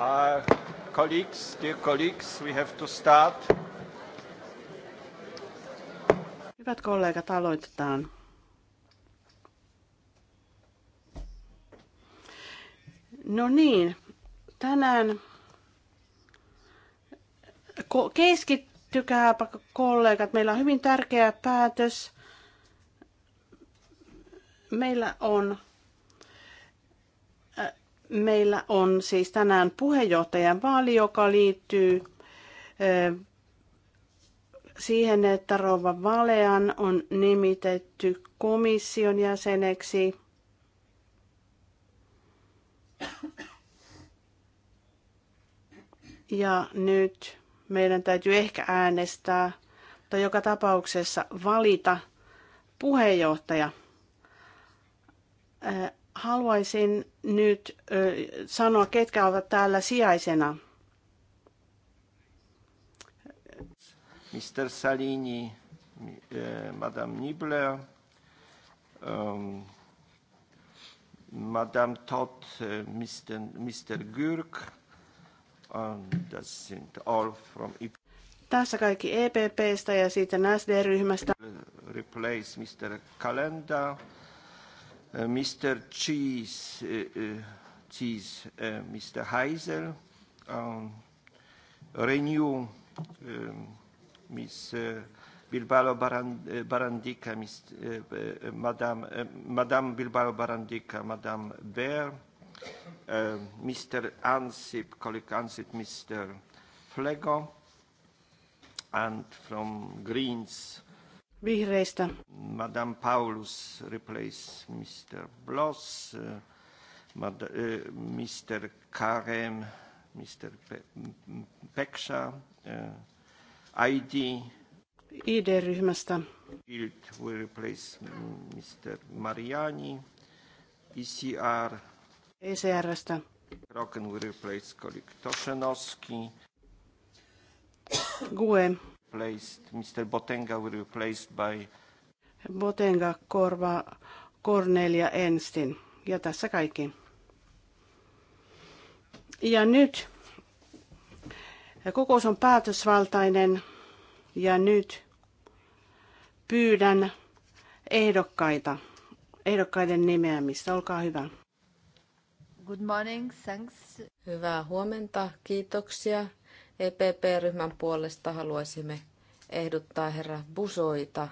Uh, colleagues, dear colleagues, we have to start. Hyvät kollegat, aloitetaan. No niin, tänään keskittykääpä kollegat. Meillä on hyvin tärkeä päätös. Meillä on Meillä on siis tänään puheenjohtajan vaali, joka liittyy siihen, että Rova Valean on nimitetty komission jäseneksi. Ja nyt meidän täytyy ehkä äänestää tai joka tapauksessa valita puheenjohtaja. Haluaisin nyt sanoa, ketkä ovat täällä sijaisena. Mr. Salini, e, Madame Nibler, um, Madame Todd, e, Mr. Mr. Gürk, um, that's all from e Tässä kaikki EPPstä ja sitten SD-ryhmästä. Replace Mr. Kalenda. Uh, Mr. Cheese, uh, uh, Mr. Heisel, um, Renew, Ms. Um, Bilbao Barandica, Ms., Madame, Bilbao Barandica, Madame Baer, um, Mr. Ansip, colleague Ansip, Mr. Flego, and from Greens, Vihreistä. Madame Paulus replace Mr. Bloss, eh, Mad eh, Mr. Karem, Mr. Pe eh, ID. ID-ryhmästä. Bild will replace Mr. Mariani, ECR. ECRstä. Kroken will replace colleague Toszenowski. GUE replaced, Mr. Botenga will replaced by... Botenga korvaa Cornelia Enstin. Ja tässä kaikki. Ja nyt kokous on päätösvaltainen ja nyt pyydän ehdokkaita, ehdokkaiden nimeämistä. Olkaa hyvä. Good morning, thanks. Hyvää huomenta, kiitoksia. EPP-ryhmän puolesta haluaisimme ehdottaa herra Busoita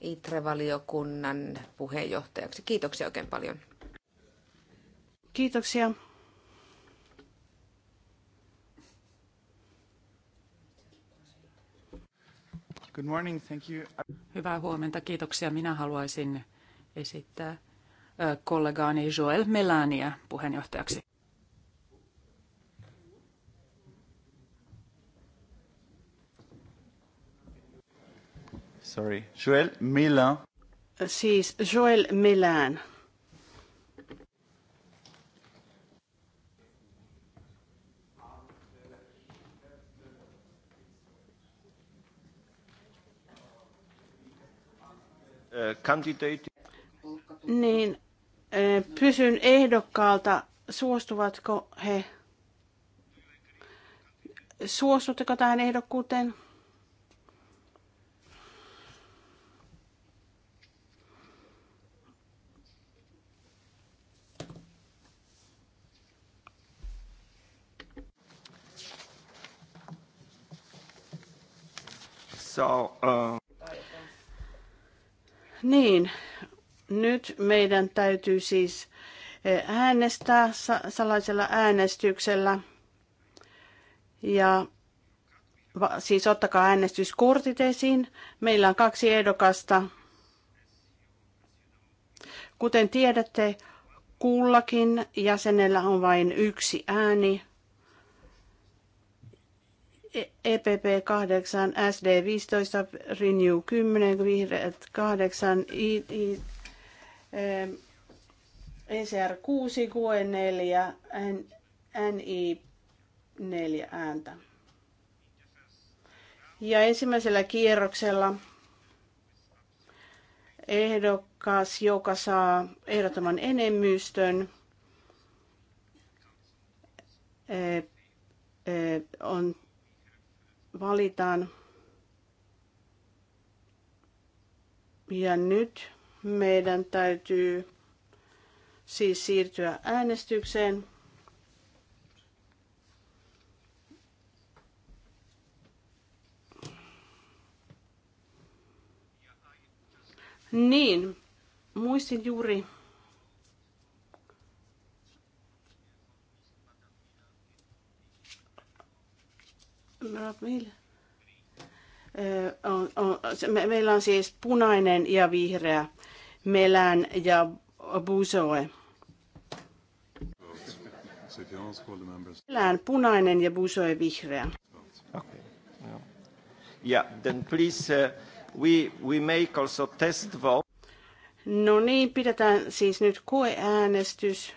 ITRE-valiokunnan puheenjohtajaksi. Kiitoksia oikein paljon. Kiitoksia. Good morning, thank you. Hyvää huomenta, kiitoksia. Minä haluaisin esittää kollegaani Joel Melania puheenjohtajaksi. sorry, Joel Milan. Siis Joel Milan. Candidate. Eh, niin, pysyn eh, ehdokkaalta, suostuvatko he? Suostutteko tähän ehdokkuuteen? So, uh... Niin, nyt meidän täytyy siis eh, äänestää salaisella äänestyksellä. Ja siis ottakaa äänestyskortit esiin. Meillä on kaksi ehdokasta. Kuten tiedätte, kullakin jäsenellä on vain yksi ääni. EPP 8, SD 15, Renew 10, Vihreät 8, I, I, ECR 6, QE 4, N, NI 4 ääntä. Ja ensimmäisellä kierroksella ehdokas, joka saa ehdottoman enemmistön, e, e, on valitaan. Ja nyt meidän täytyy siis siirtyä äänestykseen. Niin, muistin juuri meillä, on, on, me, meillä on siis punainen ja vihreä, melän ja busoe. Melän punainen ja busoe vihreä. Okay. Yeah, then please uh, we, we make also test vote. No niin, pidetään siis nyt koeäänestys.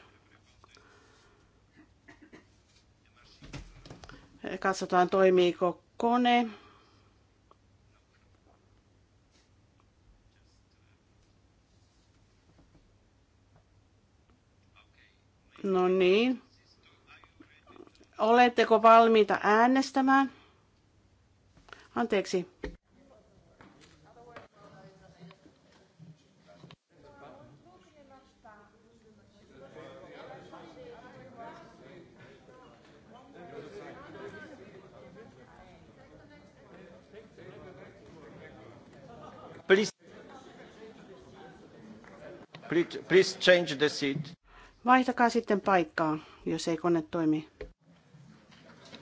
Katsotaan, toimiiko kone. No niin. Oletteko valmiita äänestämään? Anteeksi. Please change the seat. Vaihtakaa sitten paikkaa, jos ei kone toimi.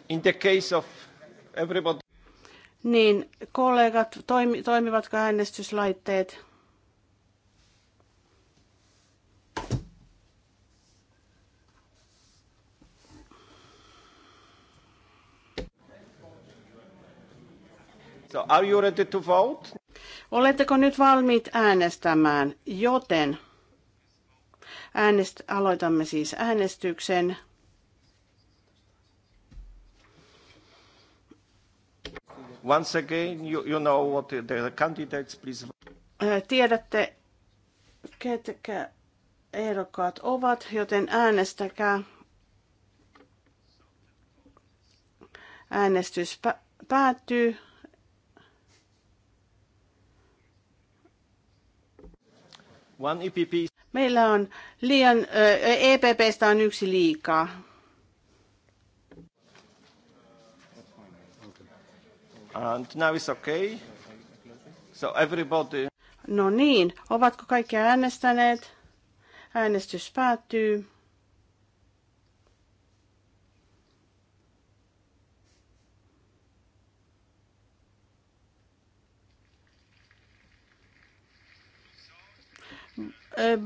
In the case of everybody. Niin, kollegat, toimi, toimivatko äänestyslaitteet? So are you ready to vote? Oletteko nyt valmiit äänestämään, joten Äänest, aloitamme siis äänestyksen. Once again, you, you know what the candidates, please. Tiedätte, ketkä ehdokkaat ovat, joten äänestäkää. Äänestys päättyy. One EPP. Meillä on liian, EPPstä on yksi liikaa. And now it's okay. So everybody... No niin, ovatko kaikki äänestäneet? Äänestys päättyy.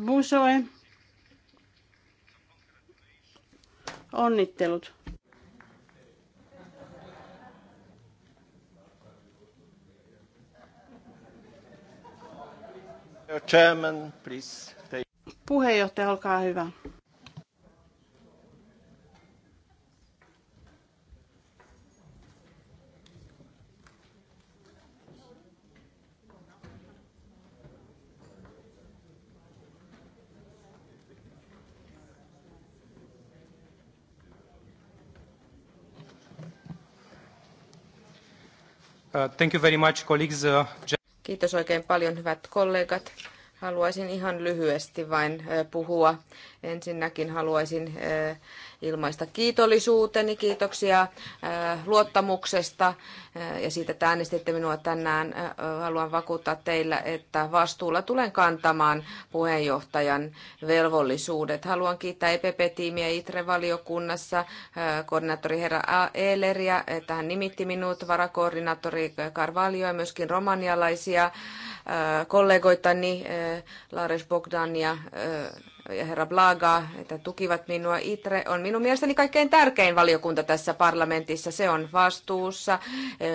Busoe. Onnittelut. Chairman, please. Puheenjohtaja, olkaa hyvä. Uh, thank you very much, colleagues. Uh, Kiitos oikein paljon, hyvät kollegat. Haluaisin ihan lyhyesti vain puhua. Ensinnäkin haluaisin ilmaista kiitollisuuteni, kiitoksia luottamuksesta ja siitä, että äänestitte minua tänään. Haluan vakuuttaa teillä, että vastuulla tulen kantamaan puheenjohtajan velvollisuudet. Haluan kiittää EPP-tiimiä ITRE-valiokunnassa, koordinaattori herra Eeleriä, että hän nimitti minut, varakoordinaattori Carvalho ja myöskin romanialaisia kollegoitani Lares Bogdan ja ja herra Blaga, että tukivat minua. ITRE on minun mielestäni kaikkein tärkein valiokunta tässä parlamentissa. Se on vastuussa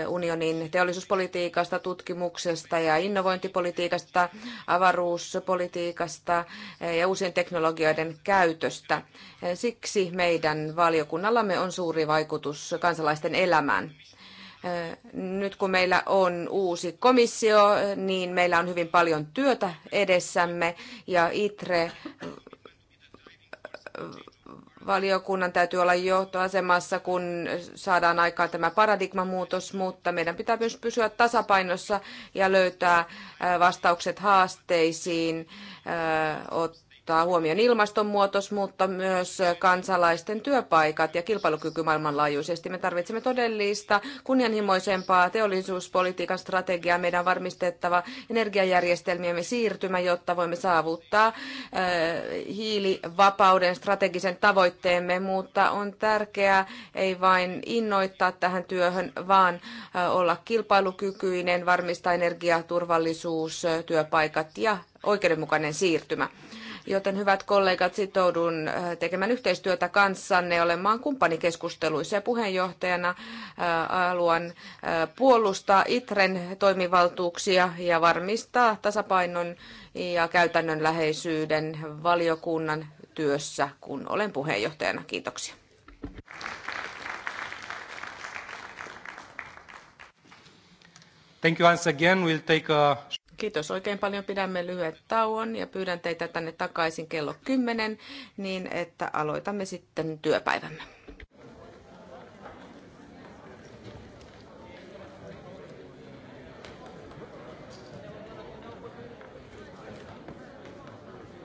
unionin teollisuuspolitiikasta, tutkimuksesta ja innovointipolitiikasta, avaruuspolitiikasta ja uusien teknologioiden käytöstä. Siksi meidän valiokunnallamme on suuri vaikutus kansalaisten elämään. Nyt kun meillä on uusi komissio, niin meillä on hyvin paljon työtä edessämme ja ITRE valiokunnan täytyy olla johtoasemassa, kun saadaan aikaan tämä paradigmamuutos, mutta meidän pitää myös pysyä tasapainossa ja löytää vastaukset haasteisiin, ottaa ottaa huomioon ilmastonmuutos, mutta myös kansalaisten työpaikat ja kilpailukyky maailmanlaajuisesti. Me tarvitsemme todellista, kunnianhimoisempaa teollisuuspolitiikan strategiaa. Meidän on varmistettava energiajärjestelmiemme siirtymä, jotta voimme saavuttaa äh, hiilivapauden strategisen tavoitteemme, mutta on tärkeää ei vain innoittaa tähän työhön, vaan äh, olla kilpailukykyinen, varmistaa energiaturvallisuus, äh, työpaikat ja oikeudenmukainen siirtymä. Joten hyvät kollegat, sitoudun äh, tekemään yhteistyötä kanssanne olemaan kumppanikeskusteluissa ja puheenjohtajana äh, haluan äh, puolustaa ITREN toimivaltuuksia ja varmistaa tasapainon ja käytännönläheisyyden valiokunnan työssä, kun olen puheenjohtajana. Kiitoksia. Thank you once again. We'll take a Kiitos oikein paljon. Pidämme lyhyen tauon ja pyydän teitä tänne takaisin kello 10, niin että aloitamme sitten työpäivämme.